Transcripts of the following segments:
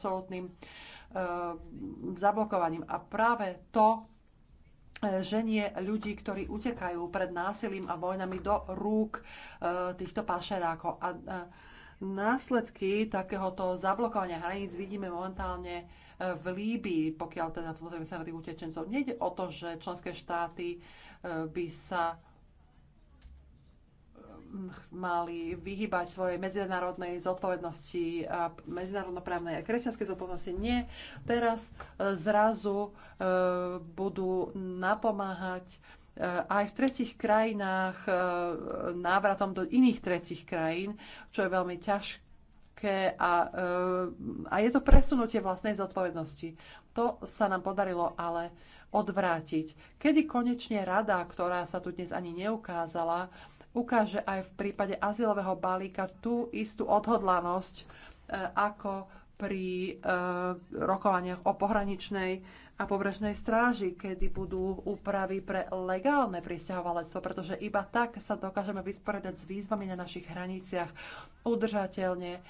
absolútnym e, zablokovaním. A práve to eh, ženie ľudí, ktorí utekajú pred násilím a vojnami do rúk e, týchto pašerákov. A, a následky takéhoto zablokovania hraníc vidíme momentálne v Líbii, pokiaľ teda pozrieme sa na tých utečencov. Nejde o to, že členské štáty by sa mali vyhybať svojej medzinárodnej zodpovednosti a medzinárodnoprávnej a kresťanskej zodpovednosti. Nie, teraz e, zrazu e, budú napomáhať e, aj v tretich krajinách návratom do iných tretich krajín, čo je veľmi ťažké a, a je to presunutie vlastnej zodpovednosti. To sa nám podarilo ale odvrátiť. Kedy konečne rada, ktorá sa tu dnes ani neukázala, ukáže aj v prípade azylového balíka tú istú odhodlanosť e, ako pri e, rokovaniach o pohraničnej a pobrežnej stráži, kedy budú úpravy pre legálne pristahovalectvo, pretože iba tak sa dokážeme vysporiadať s výzvami na našich hraniciach udržateľne, e,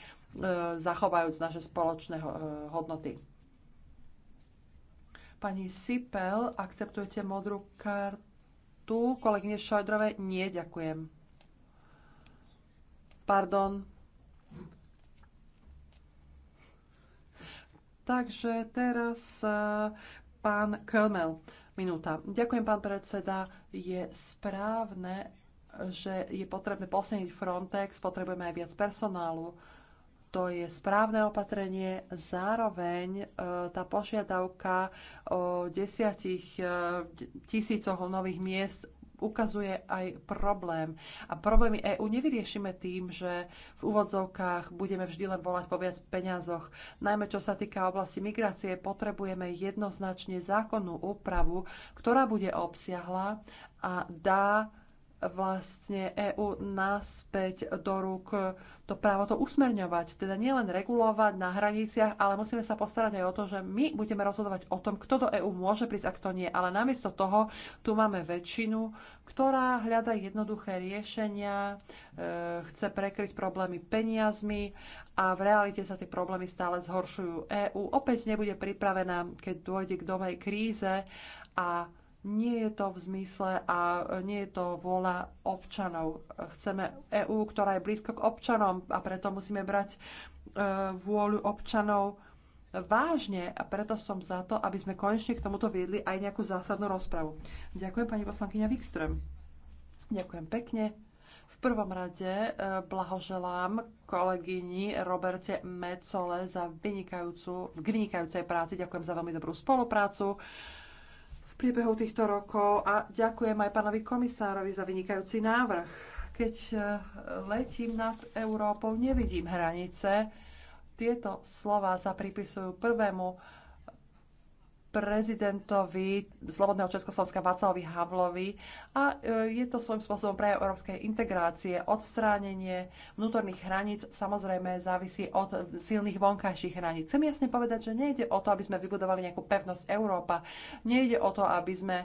zachovajúc naše spoločné hodnoty. Pani Sipel, akceptujete modrú kartu? tu kolegyne Šojdrove? Nie, ďakujem. Pardon. Takže teraz e, pán Kelmel. Minúta. Ďakujem, pán predseda. Je správne, že je potrebné posilniť Frontex, potrebujeme aj viac personálu to je správne opatrenie. Zároveň e, tá požiadavka o desiatich e, tisícoch nových miest ukazuje aj problém. A problémy EÚ nevyriešime tým, že v úvodzovkách budeme vždy len volať po viac peniazoch. Najmä čo sa týka oblasti migrácie, potrebujeme jednoznačne zákonnú úpravu, ktorá bude obsiahla a dá vlastne EÚ naspäť do rúk to právo to usmerňovať. Teda nielen regulovať na hraniciach, ale musíme sa postarať aj o to, že my budeme rozhodovať o tom, kto do EÚ môže prísť a kto nie. Ale namiesto toho tu máme väčšinu, ktorá hľada jednoduché riešenia, e, chce prekryť problémy peniazmi a v realite sa tie problémy stále zhoršujú. EÚ opäť nebude pripravená, keď dôjde k domej kríze a nie je to v zmysle a nie je to vôľa občanov. Chceme EÚ, ktorá je blízko k občanom a preto musíme brať e, vôľu občanov vážne a preto som za to, aby sme konečne k tomuto viedli aj nejakú zásadnú rozpravu. Ďakujem pani poslankyňa Wikström. Ďakujem pekne. V prvom rade e, blahoželám kolegyni Roberte Mecole za vynikajúcu, vynikajúcej práci. Ďakujem za veľmi dobrú spoluprácu priebehu týchto rokov a ďakujem aj pánovi komisárovi za vynikajúci návrh. Keď e, letím nad Európou, nevidím hranice. Tieto slova sa pripisujú prvému prezidentovi Slobodného Československa Václavovi Havlovi a e, je to svojím spôsobom pre európskej integrácie, odstránenie vnútorných hraníc samozrejme závisí od silných vonkajších hraníc. Chcem jasne povedať, že nejde o to, aby sme vybudovali nejakú pevnosť Európa, nejde o to, aby sme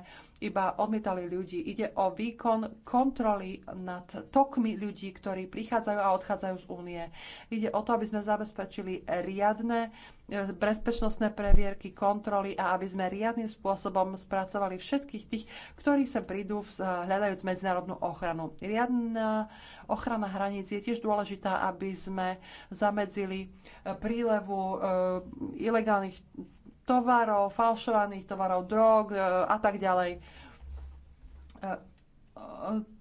iba odmietali ľudí. Ide o výkon kontroly nad tokmi ľudí, ktorí prichádzajú a odchádzajú z únie. Ide o to, aby sme zabezpečili riadne e, bezpečnostné previerky, kontroly a aby sme riadnym spôsobom spracovali všetkých tých, ktorí sem prídu e, hľadajúc medzinárodnú ochranu. Riadna ochrana hraníc je tiež dôležitá, aby sme zamedzili e, prílevu ilegálnych tovarov, falšovaných tovarov, drog e, a tak ďalej. E, e,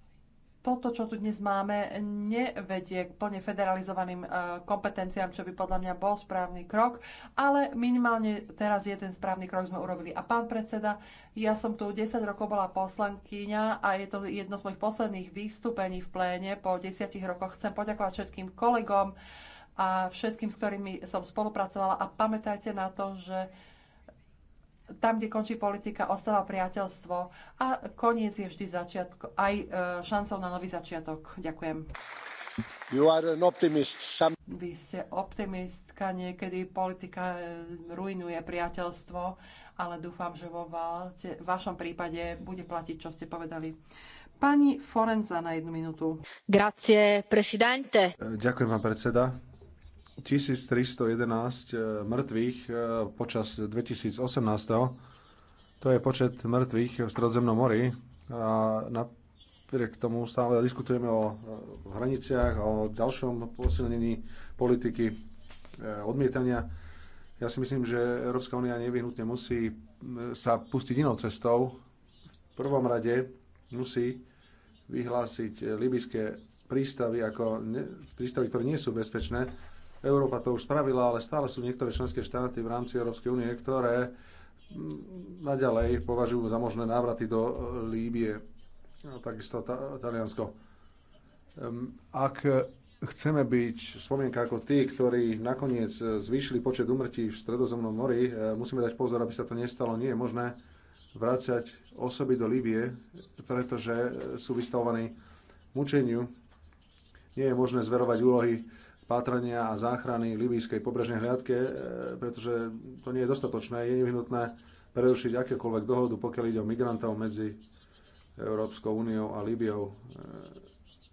toto, čo tu dnes máme, nevedie k plne federalizovaným kompetenciám, čo by podľa mňa bol správny krok, ale minimálne teraz je ten správny krok sme urobili. A pán predseda, ja som tu 10 rokov bola poslankyňa a je to jedno z mojich posledných výstupení v pléne. Po 10 rokoch chcem poďakovať všetkým kolegom a všetkým, s ktorými som spolupracovala. A pamätajte na to, že tam, kde končí politika, ostáva priateľstvo a koniec je vždy začiatko, aj e, šancou na nový začiatok. Ďakujem. You are an optimist. Some... Vy ste optimistka, niekedy politika e, ruinuje priateľstvo, ale dúfam, že vo valte, vašom prípade bude platiť, čo ste povedali. Pani Forenza na jednu minútu. Grazie, presidente. E, ďakujem vám, predseda 1311 e, mŕtvych e, počas 2018. To je počet mŕtvych v Stredozemnom mori. A napriek tomu stále diskutujeme o e, hraniciach, o ďalšom posilnení politiky odmietania. Ja si myslím, že Európska únia nevyhnutne musí sa pustiť inou cestou. V prvom rade musí vyhlásiť libyské prístavy ako prístavy, ktoré nie sú bezpečné Európa to už spravila, ale stále sú niektoré členské štáty v rámci Európskej únie, ktoré mm, naďalej považujú za možné návraty do e, Líbie, takisto Taliansko. Ak chceme byť spomienka ako tí, ktorí nakoniec e, zvýšili počet umrtí v Stredozemnom mori, e, musíme dať pozor, aby sa to nestalo. Nie je možné vrácať osoby do Líbie, pretože sú vystavovaní mučeniu. Nie je možné zverovať úlohy pátrania a záchrany libýskej pobrežnej hliadke, e, pretože to nie je dostatočné. Je nevyhnutné prerušiť akékoľvek dohodu, pokiaľ ide o migrantov medzi Európskou úniou a Líbiou. E,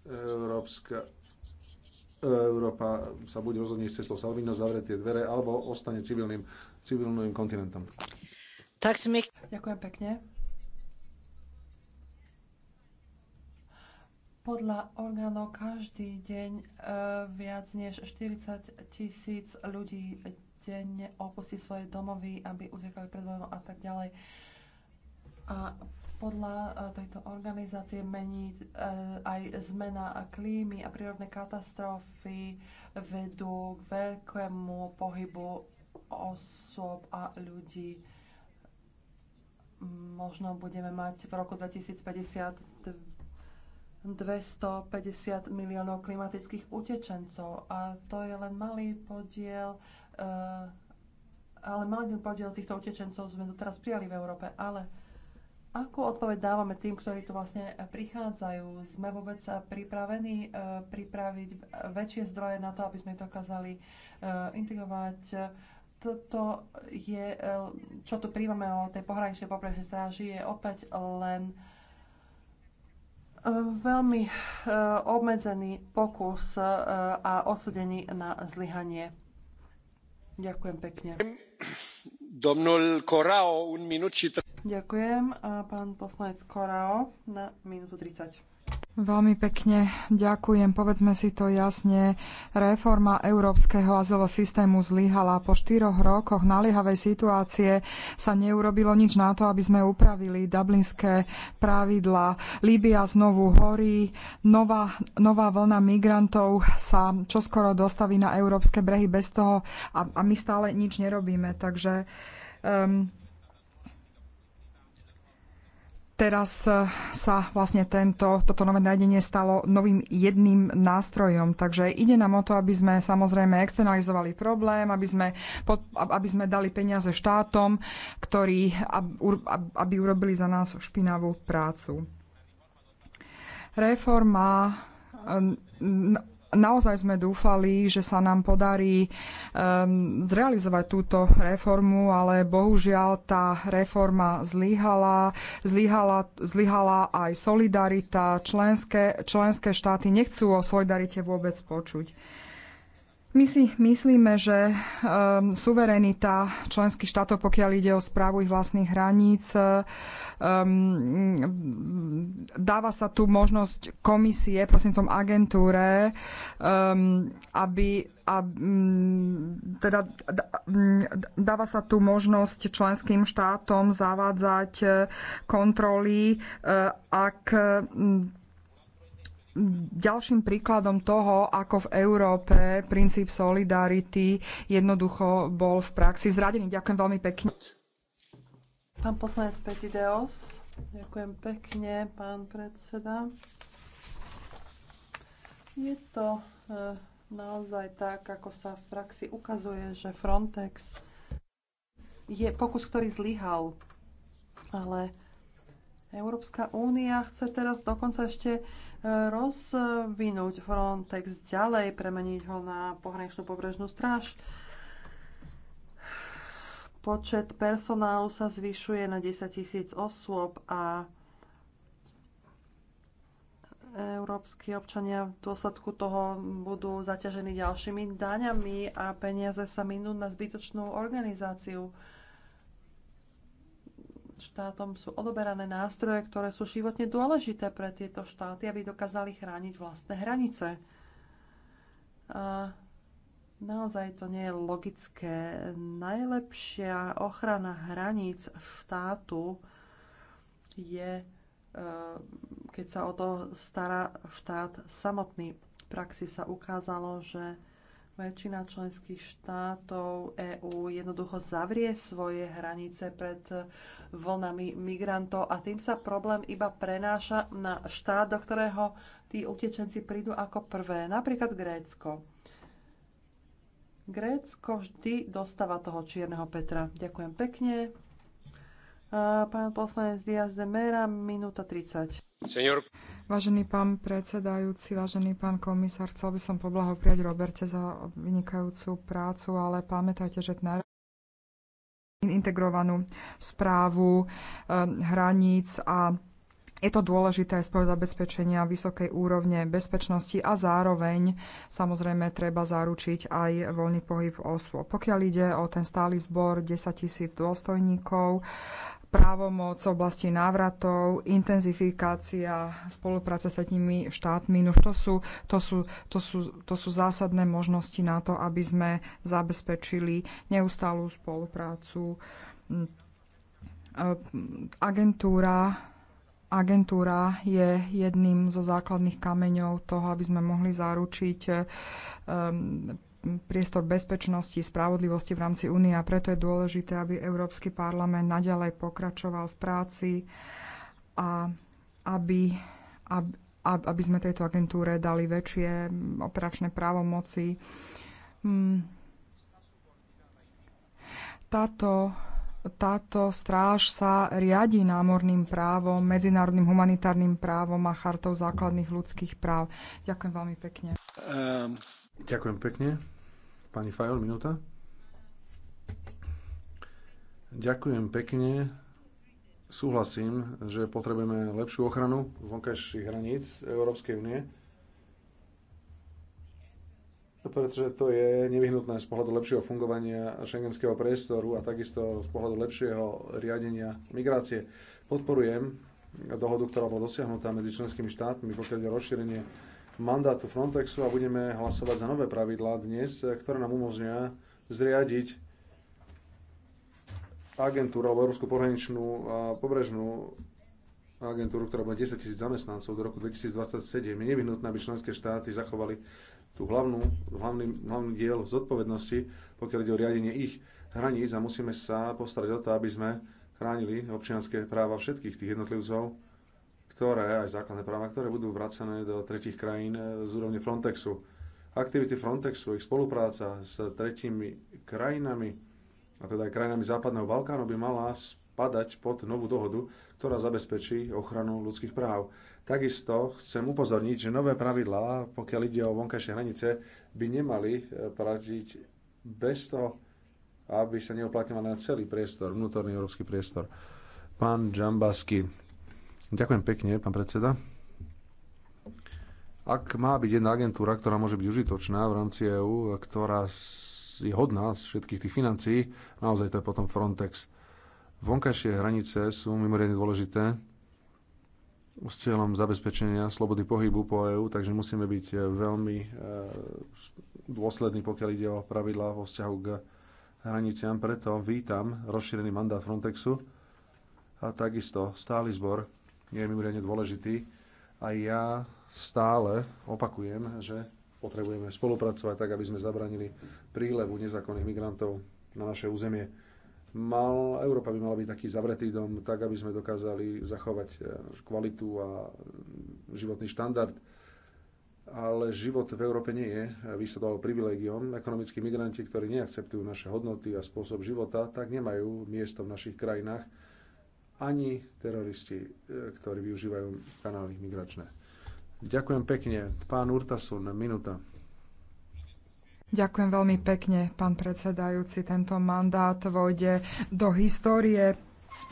Európska, Európa sa bude rozhodne s cestou Salvino zavrieť tie dvere alebo ostane civilným, civilným kontinentom. Ďakujem pekne. Podľa orgánov každý deň e, viac než 40 tisíc ľudí denne opustí svoje domovy, aby utekali pred vojnou a tak ďalej. A podľa e, tejto organizácie mení e, aj zmena klímy a prírodné katastrofy vedú k veľkému pohybu osôb a ľudí. Možno budeme mať v roku 2050 250 miliónov klimatických utečencov a to je len malý podiel eh, ale malý podiel týchto utečencov sme doteraz prijali v Európe, ale Akú odpoveď dávame tým, ktorí tu vlastne prichádzajú? Sme vôbec pripravení eh, pripraviť väčšie zdroje na to, aby sme dokázali eh, integrovať? Toto je, čo tu príjmame o tej pohraničnej pobrežnej stráži, je opäť len veľmi eh, obmedzený pokus eh, a odsudený na zlyhanie. Ďakujem pekne. Domnul Corao, un minut și... Ďakujem, pán poslanec Korao, na minútu 30. Veľmi pekne ďakujem. Povedzme si to jasne. Reforma európskeho azylového systému zlyhala. Po štyroch rokoch naliehavej situácie sa neurobilo nič na to, aby sme upravili dublinské pravidla. Líbia znovu horí. Nová, nová vlna migrantov sa čoskoro dostaví na európske brehy bez toho a, a my stále nič nerobíme. Takže um, teraz eh, sa vlastne tento, toto nové nájdenie stalo novým jedným nástrojom. Takže ide nám o to, aby sme samozrejme externalizovali problém, aby sme, aby sme dali peniaze štátom, ktorí, aby urobili za nás špinavú prácu. Reforma eh, naozaj sme dúfali, že sa nám podarí um, zrealizovať túto reformu, ale bohužiaľ tá reforma zlyhala. Zlyhala, zlyhala aj solidarita. Členské, členské štáty nechcú o solidarite vôbec počuť. My si myslíme, že um, suverenita členských štátov, pokiaľ ide o správu ich vlastných hraníc, um, dáva sa tu možnosť komisie, prosím tom agentúre, um, aby a mm, teda mm, dáva sa tu možnosť členským štátom zavádzať eh, kontroly, eh, ak mm, ďalším príkladom toho, ako v Európe princíp solidarity jednoducho bol v praxi zradený. Ďakujem veľmi pekne. Pán poslanec Petideos, ďakujem pekne, pán predseda. Je to e, naozaj tak, ako sa v praxi ukazuje, že Frontex je pokus, ktorý zlyhal, ale Európska únia chce teraz dokonca ešte e, rozvinúť Frontex ďalej, premeniť ho na pohraničnú pobrežnú stráž. Počet personálu sa zvyšuje na 10 tisíc osôb a európsky občania v dôsledku toho budú zaťažení ďalšími daňami a peniaze sa minú na zbytočnú organizáciu štátom sú odoberané nástroje, ktoré sú životne dôležité pre tieto štáty, aby dokázali chrániť vlastné hranice. A naozaj to nie je logické. Najlepšia ochrana hraníc štátu je, e, keď sa o to stará štát samotný. V praxi sa ukázalo, že väčšina členských štátov EÚ jednoducho zavrie svoje hranice pred vlnami migrantov a tým sa problém iba prenáša na štát, do ktorého tí utečenci prídu ako prvé, napríklad Grécko. Grécko vždy dostáva toho čierneho Petra. Ďakujem pekne. Pán poslanec Diaz de Mera, minúta 30. Vážený pán predsedajúci, vážený pán komisár, chcel by som poblahopriať Roberte za vynikajúcu prácu, ale pamätajte, že na integrovanú správu um, hraníc a je to dôležité aj spolu zabezpečenia vysokej úrovne bezpečnosti a zároveň samozrejme treba zaručiť aj voľný pohyb osôb. Pokiaľ ide o ten stály zbor 10 tisíc dôstojníkov, právomoc v oblasti návratov, intenzifikácia spolupráce s tretími štátmi. No to sú, to, sú, to, sú, to sú zásadné možnosti na to, aby sme zabezpečili neustálú spoluprácu. Agentúra, agentúra je jedným zo základných kameňov toho, aby sme mohli zaručiť um, priestor bezpečnosti, spravodlivosti v rámci únie a preto je dôležité, aby Európsky parlament naďalej pokračoval v práci a aby, aby, aby sme tejto agentúre dali väčšie operačné právomoci. Hmm. Táto, táto stráž sa riadi námorným právom, medzinárodným humanitárnym právom a chartou základných ľudských práv. Ďakujem veľmi pekne. Um, ďakujem pekne. Pani Fajon, minúta. Ďakujem pekne. Súhlasím, že potrebujeme lepšiu ochranu vonkajších hraníc Európskej únie, pretože to je nevyhnutné z pohľadu lepšieho fungovania šengenského priestoru a takisto z pohľadu lepšieho riadenia migrácie. Podporujem dohodu, ktorá bola dosiahnutá medzi členskými štátmi, pokiaľ je rozšírenie mandátu Frontexu a budeme hlasovať za nové pravidlá dnes, eh, ktoré nám umožňujú zriadiť agentúru alebo Európsku pohraničnú a pobrežnú agentúru, ktorá bude 10 tisíc zamestnancov do roku 2027. Je nevyhnutné, aby členské štáty zachovali tú hlavnú, hlavný, hlavný diel zodpovednosti, pokiaľ ide o riadenie ich hraníc a musíme sa postarať o to, aby sme chránili občianské práva všetkých tých jednotlivcov, ktoré, aj základné práva, ktoré budú vracené do tretich krajín e, z úrovne Frontexu. Aktivity Frontexu, ich spolupráca s tretími krajinami, a teda aj krajinami Západného Balkánu, by mala spadať pod novú dohodu, ktorá zabezpečí ochranu ľudských práv. Takisto chcem upozorniť, že nové pravidlá, pokiaľ ide o vonkajšie hranice, by nemali e, pradiť bez toho, aby sa neoplatňovali na celý priestor, vnútorný európsky priestor. Pán Džambasky, Ďakujem pekne, pán predseda. Ak má byť jedna agentúra, ktorá môže byť užitočná v rámci EÚ, ktorá je hodná z všetkých tých financií, naozaj to je potom Frontex. Vonkajšie hranice sú mimoriadne dôležité s cieľom zabezpečenia slobody pohybu po EÚ, takže musíme byť e, veľmi e, dôslední, pokiaľ ide o pravidlá vo vzťahu k hraniciam. Preto vítam rozšírený mandát Frontexu a takisto stály zbor je mimoriadne dôležitý. A ja stále opakujem, že potrebujeme spolupracovať tak, aby sme zabranili prílevu nezákonných migrantov na naše územie. Mal, Európa by mala byť taký zavretý dom, tak, aby sme dokázali zachovať e, kvalitu a životný štandard. Ale život v Európe nie je vysadol privilegiom. Ekonomickí migranti, ktorí neakceptujú naše hodnoty a spôsob života, tak nemajú miesto v našich krajinách ani teroristi, e, ktorí využívajú kanály migračné. Ďakujem pekne. Pán Urtasun, minúta. Ďakujem veľmi pekne, pán predsedajúci. Tento mandát vojde do histórie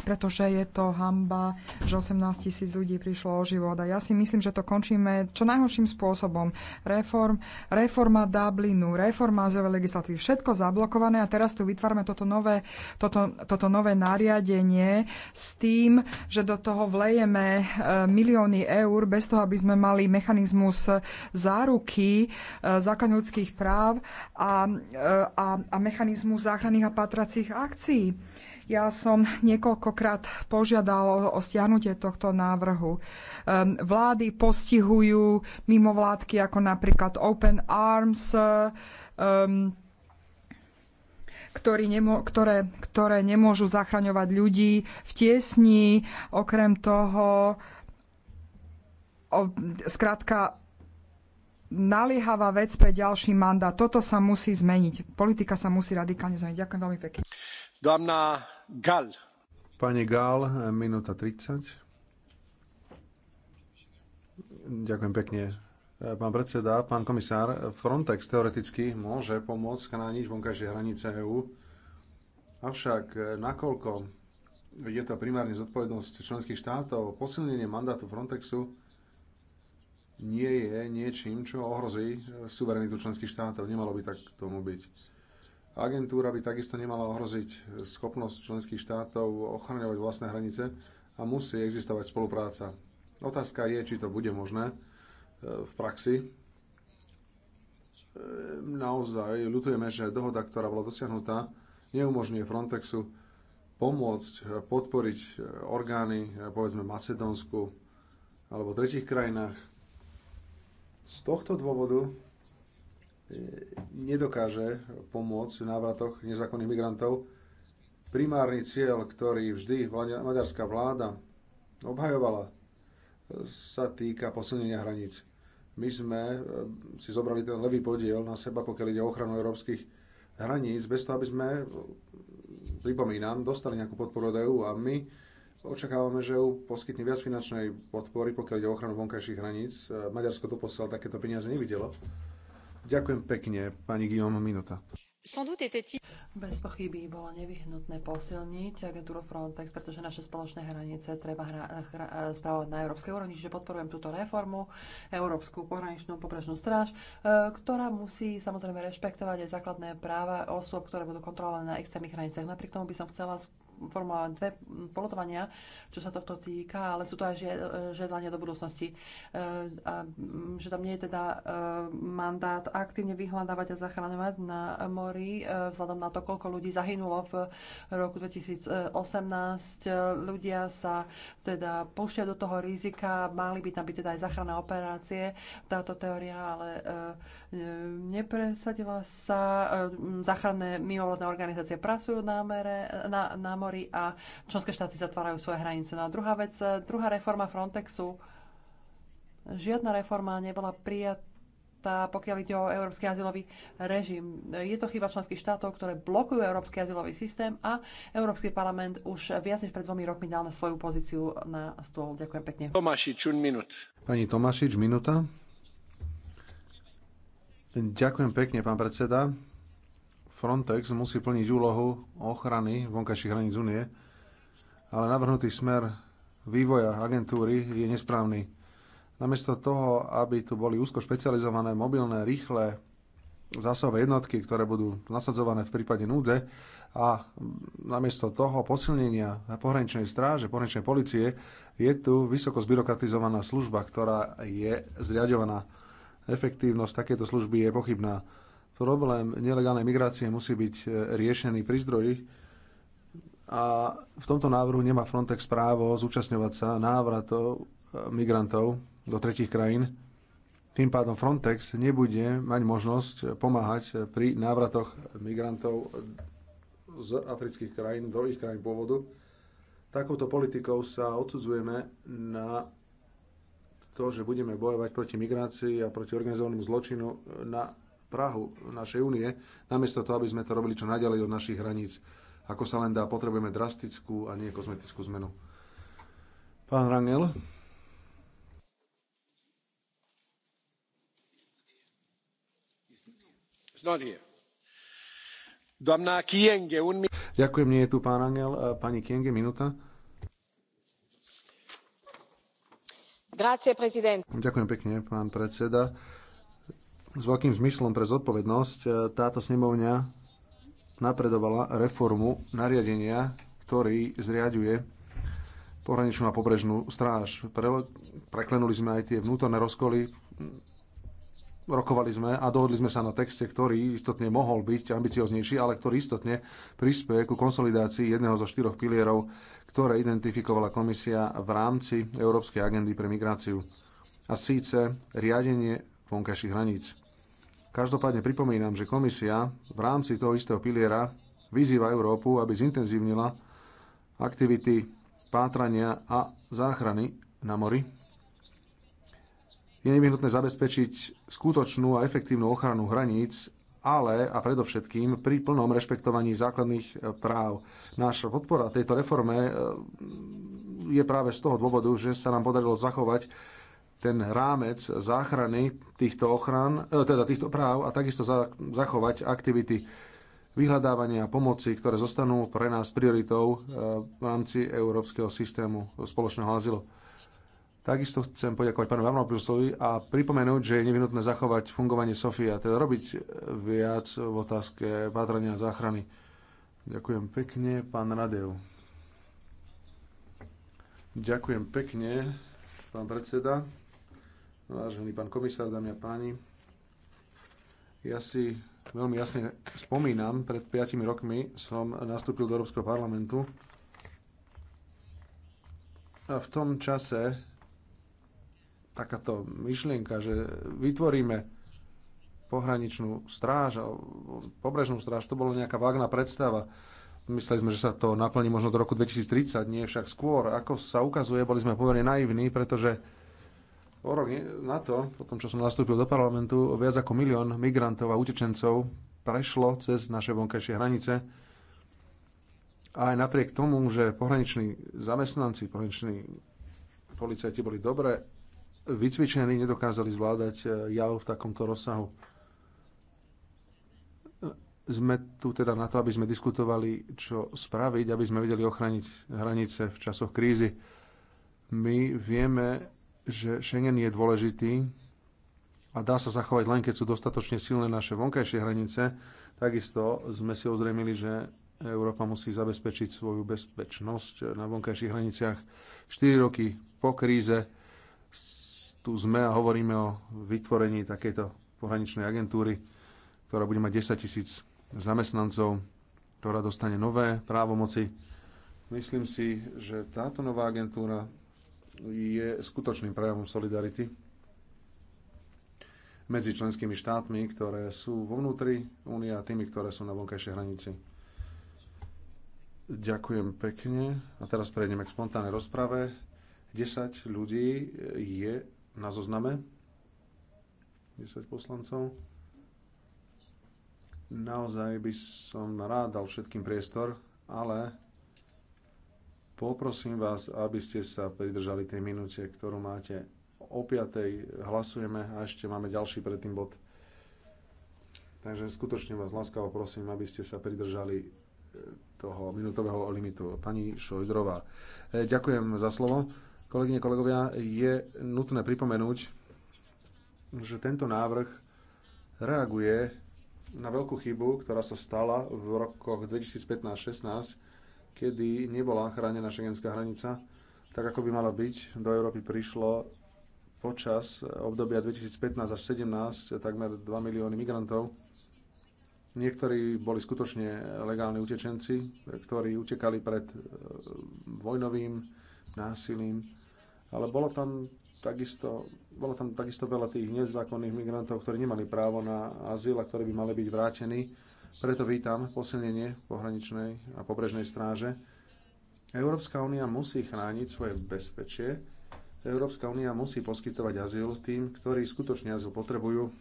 pretože je to hamba, že 18 tisíc ľudí prišlo o život. A ja si myslím, že to končíme čo najhorším spôsobom. Reform, reforma Dublinu, reforma azylovej legislatívy, všetko zablokované a teraz tu vytvárme toto nové, toto, toto nové nariadenie s tým, že do toho vlejeme e, milióny eur bez toho, aby sme mali mechanizmus záruky e, základných ľudských práv a, e, a, a mechanizmu záchranných a patracích akcií. Ja som niekoľkokrát požiadal o, stiahnutie tohto návrhu. vlády postihujú mimovládky ako napríklad Open Arms, e, ktorý nemô- ktoré, ktoré nemôžu zachraňovať ľudí v tiesni. Okrem toho, o, skrátka, naliehavá vec pre ďalší mandát. Toto sa musí zmeniť. Politika sa musí radikálne zmeniť. Ďakujem veľmi pekne. Doamna Pani Gál, minúta 30. Ďakujem pekne. Pán predseda, pán komisár, Frontex teoreticky môže pomôcť chrániť vonkajšie hranice EÚ, avšak nakoľko je to primárne zodpovednosť členských štátov, posilnenie mandátu Frontexu nie je niečím, čo ohrozí suverenitu členských štátov. Nemalo by tak tomu byť Agentúra by takisto nemala ohroziť schopnosť členských štátov ochraňovať vlastné hranice a musí existovať spolupráca. Otázka je, či to bude možné e, v praxi. E, naozaj ľutujeme, že dohoda, ktorá bola dosiahnutá, neumožňuje Frontexu pomôcť, podporiť orgány, povedzme Macedónsku alebo tretich krajinách. Z tohto dôvodu nedokáže pomôcť v návratoch nezákonných migrantov. Primárny cieľ, ktorý vždy maďarská vláda obhajovala, sa týka posilnenia hraníc. My sme e, si zobrali ten levý podiel na seba, pokiaľ ide o ochranu európskych hraníc, bez toho, aby sme, pripomínam, dostali nejakú podporu od EU a my očakávame, že EU poskytne viac finančnej podpory, pokiaľ ide o ochranu vonkajších hraníc. E, Maďarsko doposiaľ takéto peniaze nevidelo. Ďakujem pekne, pani Guillaume, minúta. Bez pochyby bolo nevyhnutné posilniť agentúru Frontex, pretože naše spoločné hranice treba hra, hra, správovať na európskej úrovni, čiže podporujem túto reformu, Európsku pohraničnú pobrežnú stráž, e, ktorá musí samozrejme rešpektovať aj základné práva osôb, ktoré budú kontrolované na externých hraniciach. Napriek tomu by som chcela formulovať dve polotovania, čo sa tohto týka, ale sú to aj žiadania do budúcnosti. E, a, že tam nie je teda e, mandát aktívne vyhľadávať a zachraňovať na mori, e, vzhľadom na to, koľko ľudí zahynulo v roku 2018. Ľudia sa teda púšťajú do toho rizika, mali by tam byť teda aj záchranné operácie. Táto teória ale nepresadila sa. Záchranné mimovládne organizácie pracujú na, mere, na, na mori, hovorí a členské štáty zatvárajú svoje hranice. No a druhá vec, eh, druhá reforma Frontexu. Žiadna reforma nebola prijatá, pokiaľ ide o európsky azylový režim. Je to chyba členských štátov, ktoré blokujú európsky azylový systém a Európsky parlament už viac než pred dvomi rokmi dal na svoju pozíciu na stôl. Ďakujem pekne. Tomášič, un minút. Pani Tomášič, minúta. Ďakujem pekne, pán predseda. Frontex musí plniť úlohu ochrany vonkajších hraníc únie, ale navrhnutý smer vývoja agentúry je nesprávny. Namiesto toho, aby tu boli úzko špecializované, mobilné, rýchle zásobové jednotky, ktoré budú nasadzované v prípade núde. a namiesto toho posilnenia pohraničnej stráže, pohraničnej policie, je tu vysoko zbyrokratizovaná služba, ktorá je zriadovaná. Efektívnosť takéto služby je pochybná. Problém nelegálnej migrácie musí byť e, riešený pri zdroji a v tomto návrhu nemá Frontex právo zúčastňovať sa návratov e, migrantov do tretich krajín. Tým pádom Frontex nebude mať možnosť pomáhať pri návratoch migrantov z afrických krajín do ich krajín pôvodu. Takouto politikou sa odsudzujeme na to, že budeme bojovať proti migrácii a proti organizovanému zločinu na Prahu našej únie, namiesto toho, aby sme to robili čo najďalej od našich hraníc. Ako sa len dá, potrebujeme drastickú a nie kozmetickú zmenu. Pán Rangel. Ďakujem, nie je tu pán Rangel. Pani Kienge, minúta. Ďakujem pekne, pán predseda s veľkým zmyslom pre zodpovednosť e, táto snemovňa napredovala reformu nariadenia, ktorý zriaďuje pohraničnú a pobrežnú stráž. Pre, preklenuli sme aj tie vnútorné rozkoly, rokovali sme a dohodli sme sa na texte, ktorý istotne mohol byť ambicioznejší, ale ktorý istotne prispieje ku konsolidácii jedného zo štyroch pilierov, ktoré identifikovala komisia v rámci Európskej agendy pre migráciu. A síce riadenie vonkajších hraníc. Každopádne pripomínam, že komisia v rámci toho istého piliera vyzýva Európu, aby zintenzívnila aktivity pátrania a záchrany na mori. Je nevyhnutné zabezpečiť skutočnú a efektívnu ochranu hraníc, ale a predovšetkým pri plnom rešpektovaní základných e, práv. Náša podpora tejto reforme e, je práve z toho dôvodu, že sa nám podarilo zachovať ten rámec záchrany týchto ochran, e, teda týchto práv a takisto zachovať aktivity vyhľadávania a pomoci, ktoré zostanú pre nás prioritou e, v rámci európskeho systému spoločného azylu. Takisto chcem poďakovať pánu Vavnopilsovi a pripomenúť, že je nevyhnutné zachovať fungovanie Sofia, teda robiť viac v otázke pátrania a záchrany. Ďakujem pekne, pán Radev. Ďakujem pekne, pán predseda vážený pán komisár, dámy a páni. Ja si veľmi jasne spomínam, pred 5 rokmi som nastúpil do Európskeho parlamentu a v tom čase takáto myšlienka, že vytvoríme pohraničnú stráž, pobrežnú stráž, to bola nejaká vágna predstava. Mysleli sme, že sa to naplní možno do roku 2030, nie však skôr. Ako sa ukazuje, boli sme pomerne naivní, pretože O rok na to, po tom, čo som nastúpil do parlamentu, viac ako milión migrantov a utečencov prešlo cez naše vonkajšie hranice. A aj napriek tomu, že pohraniční zamestnanci, pohraniční policajti boli dobre vycvičení, nedokázali zvládať e, jav v takomto rozsahu. Sme tu teda na to, aby sme diskutovali, čo spraviť, aby sme vedeli ochraniť hranice v časoch krízy. My vieme, že Schengen je dôležitý a dá sa zachovať len, keď sú dostatočne silné naše vonkajšie hranice. Takisto sme si ozrejmili, že Európa musí zabezpečiť svoju bezpečnosť na vonkajších hraniciach. 4 roky po kríze tu sme a hovoríme o vytvorení takejto pohraničnej agentúry, ktorá bude mať 10 tisíc zamestnancov, ktorá dostane nové právomoci. Myslím si, že táto nová agentúra je skutočným prejavom solidarity medzi členskými štátmi, ktoré sú vo vnútri únie a tými, ktoré sú na vonkajšej hranici. Ďakujem pekne. A teraz prejdeme k spontánnej rozprave. 10 ľudí je na zozname. 10 poslancov. Naozaj by som rád dal všetkým priestor, ale Poprosím vás, aby ste sa pridržali tej minúte, ktorú máte. O 5. hlasujeme a ešte máme ďalší predtým bod. Takže skutočne vás láskavo prosím, aby ste sa pridržali e, toho minútového limitu. Pani Šojdrová, e, ďakujem za slovo. Kolegyne, kolegovia, je nutné pripomenúť, že tento návrh reaguje na veľkú chybu, ktorá sa stala v rokoch 2015-16 kedy nebola chránená šengenská hranica, tak ako by mala byť, do Európy prišlo počas obdobia 2015 až 2017 takmer 2 milióny migrantov. Niektorí boli skutočne legálni utečenci, ktorí utekali pred e, vojnovým násilím, ale bolo tam takisto, bolo tam takisto veľa tých nezákonných migrantov, ktorí nemali právo na azyl a ktorí by mali byť vrátení preto vítam posilnenie pohraničnej a pobrežnej stráže. Európska únia musí chrániť svoje bezpečie. Európska únia musí poskytovať azyl tým, ktorí skutočne azyl potrebujú.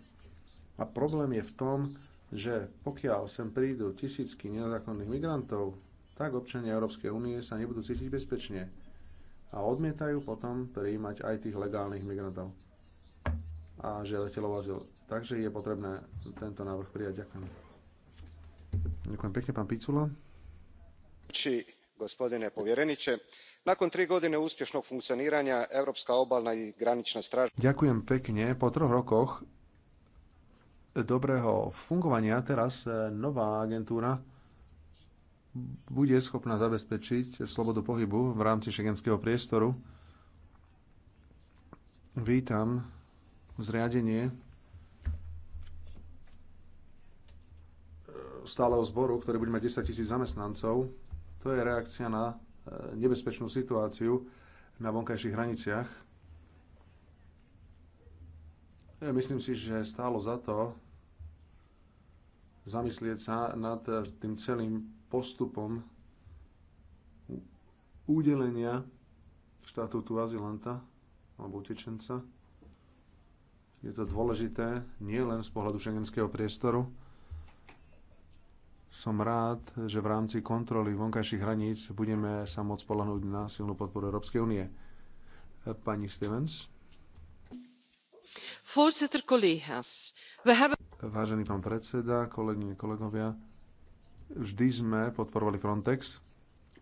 A problém je v tom, že pokiaľ sem prídu tisícky nezákonných migrantov, tak občania Európskej únie sa nebudú cítiť bezpečne a odmietajú potom prijímať aj tých legálnych migrantov a žiadateľov azyl. Takže je potrebné tento návrh prijať. Ďakujem. Ďakujem pekne, pán Picula. Či gospodine povjereniče nakon tri godine uspješnog funkcioniranja europska obalna i granična stráž Ďakujem pekne. Po troch rokoch dobrého fungovania teraz e, nová agentúra bude schopná zabezpečiť slobodu pohybu v rámci šengenského priestoru. Vítam zriadenie stáleho zboru, ktorý bude mať 10 tisíc zamestnancov. To je reakcia na e, nebezpečnú situáciu na vonkajších hraniciach. Ja e, myslím si, že stálo za to zamyslieť sa nad e, tým celým postupom udelenia štatútu azilanta alebo utečenca. Je to dôležité nielen z pohľadu šengenského priestoru, som rád, že v rámci kontroly vonkajších hraníc budeme sa môcť spolahnúť na silnú podporu Európskej únie. Pani Stevens. Vážený pán predseda, kolegyne, kolegovia, vždy sme podporovali Frontex.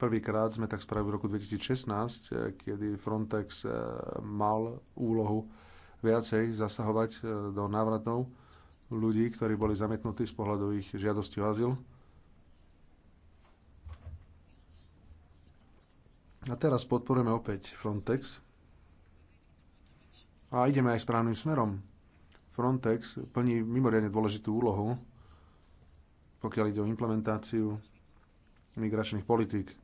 Prvýkrát sme tak spravili v roku 2016, kedy Frontex eh, mal úlohu viacej zasahovať eh, do návratov ľudí, ktorí boli zametnutí z pohľadu ich žiadosti o azyl A teraz podporujeme opäť Frontex. A ideme aj správnym smerom. Frontex plní mimoriadne dôležitú úlohu, pokiaľ ide o implementáciu migračných politík.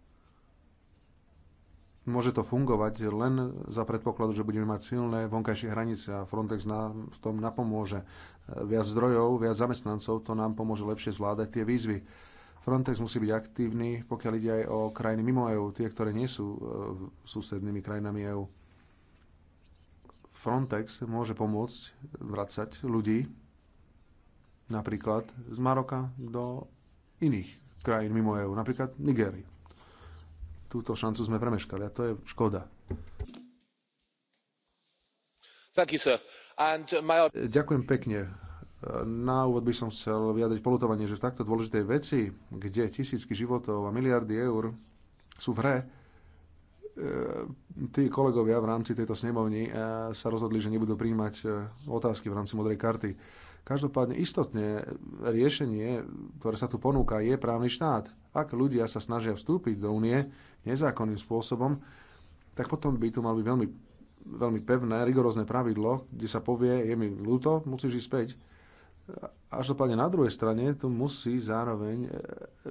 Môže to fungovať len za predpokladu, že budeme mať silné vonkajšie hranice a Frontex nám v tom napomôže. Viac zdrojov, viac zamestnancov, to nám pomôže lepšie zvládať tie výzvy Frontex musí byť aktívny, pokiaľ ide aj o krajiny mimo EÚ, tie, ktoré nie sú e, susednými krajinami EÚ. Frontex môže pomôcť vracať ľudí napríklad z Maroka do iných krajín mimo EÚ, napríklad Nigérii. Túto šancu sme premeškali a to je škoda. You, my... Ďakujem pekne na úvod by som chcel vyjadriť polutovanie, že v takto dôležitej veci, kde tisícky životov a miliardy eur sú v hre, e, tí kolegovia v rámci tejto snemovni e, sa rozhodli, že nebudú príjmať e, otázky v rámci modrej karty. Každopádne istotne riešenie, ktoré sa tu ponúka, je právny štát. Ak ľudia sa snažia vstúpiť do únie nezákonným spôsobom, tak potom by tu mal byť veľmi, veľmi pevné, rigorózne pravidlo, kde sa povie, je mi ľúto, musíš ísť späť Každopádne na druhej strane tu musí zároveň e,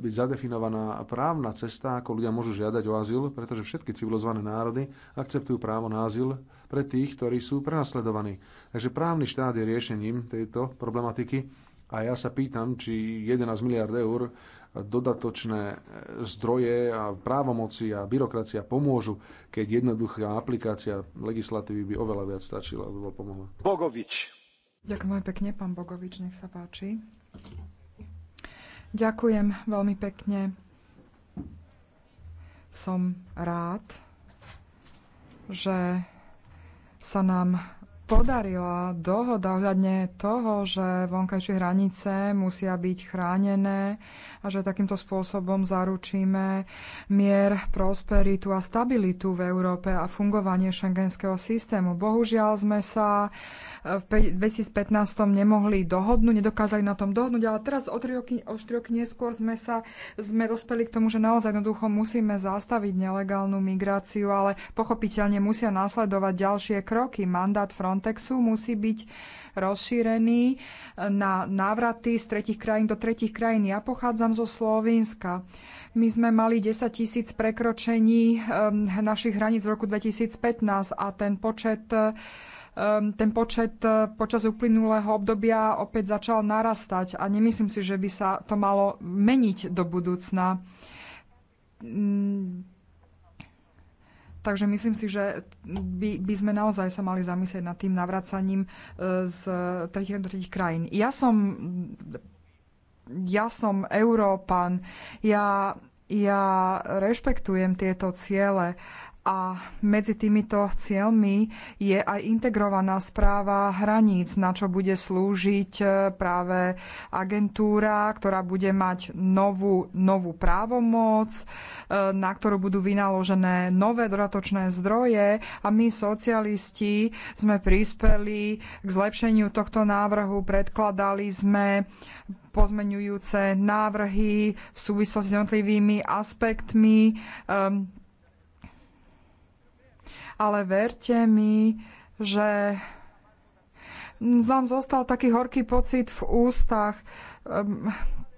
byť zadefinovaná právna cesta, ako ľudia môžu žiadať o azyl, pretože všetky civilizované národy akceptujú právo na azyl pre tých, ktorí sú prenasledovaní. Takže právny štát je riešením tejto problematiky a ja sa pýtam, či 11 miliard eur dodatočné e, zdroje a právomoci a byrokracia pomôžu, keď jednoduchá aplikácia legislatívy by oveľa viac stačila, aby bol pomohla. Bogovič. Ďakujem veľmi pekne, pán Bogovič, nech sa páči. Ďakujem veľmi pekne. Som rád, že sa nám podarila dohoda ohľadne toho, že vonkajšie hranice musia byť chránené a že takýmto spôsobom zaručíme mier, prosperitu a stabilitu v Európe a fungovanie šengenského systému. Bohužiaľ sme sa v 2015 nemohli dohodnúť, nedokázali na tom dohodnúť, ale teraz o 3 roky, o 4 roky neskôr sme sa sme dospeli k tomu, že naozaj jednoducho musíme zastaviť nelegálnu migráciu, ale pochopiteľne musia následovať ďalšie kroky. Mandát front Frontexu musí byť rozšírený na návraty z tretich krajín do tretich krajín. Ja pochádzam zo Slovenska. My sme mali 10 tisíc prekročení ehm, našich hraníc v roku 2015 a ten počet ehm, ten počet e, počas uplynulého obdobia opäť začal narastať a nemyslím si, že by sa to malo meniť do budúcna mm, Takže myslím si, že by, by sme naozaj sa mali zamyslieť nad tým navracaním e, z tretich do tretich krajín. Ja som, ja som Európan, ja, ja rešpektujem tieto ciele, a medzi týmito cieľmi je aj integrovaná správa hraníc, na čo bude slúžiť e, práve agentúra, ktorá bude mať novú, novú právomoc, e, na ktorú budú vynaložené nové dodatočné zdroje a my socialisti sme prispeli k zlepšeniu tohto návrhu, predkladali sme pozmenujúce návrhy v súvislosti s jednotlivými aspektmi um, ale verte mi, že nám zostal taký horký pocit v ústach, ehm,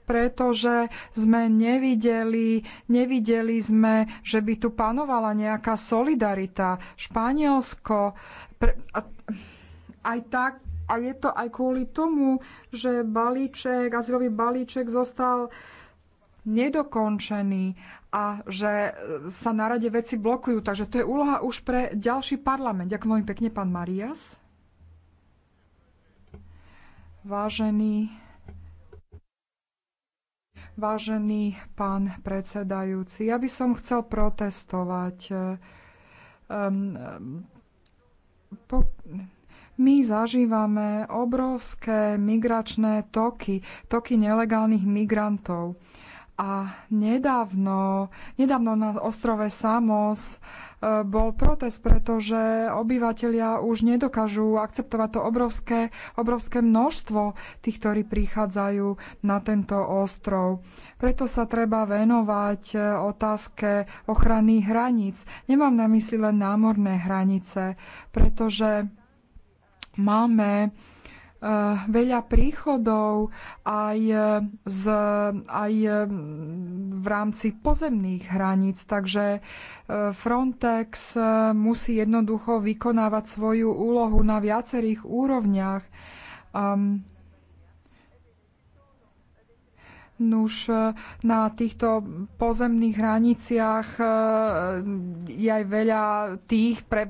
pretože sme nevideli, nevideli sme, že by tu panovala nejaká solidarita. Španielsko, pre, a, aj tak, a je to aj kvôli tomu, že balíček, azylový balíček zostal nedokončený a že e, sa na rade veci blokujú. Takže to je úloha už pre ďalší parlament. Ďakujem veľmi pekne, pán Marias. Vážený, vážený pán predsedajúci, ja by som chcel protestovať. Um, po, my zažívame obrovské migračné toky, toky nelegálnych migrantov. A nedávno, nedávno na ostrove Samos e, bol protest, pretože obyvateľia už nedokážu akceptovať to obrovské, obrovské množstvo tých, ktorí prichádzajú na tento ostrov. Preto sa treba venovať e, otázke ochrany hraníc. Nemám na mysli len námorné hranice, pretože máme Eh, veľa príchodov aj, eh, z, aj eh, v rámci pozemných hraníc, takže Frontex musí jednoducho vykonávať svoju úlohu na viacerých úrovniach. Um, Nuž na týchto pozemných hraniciach je aj veľa tých pre,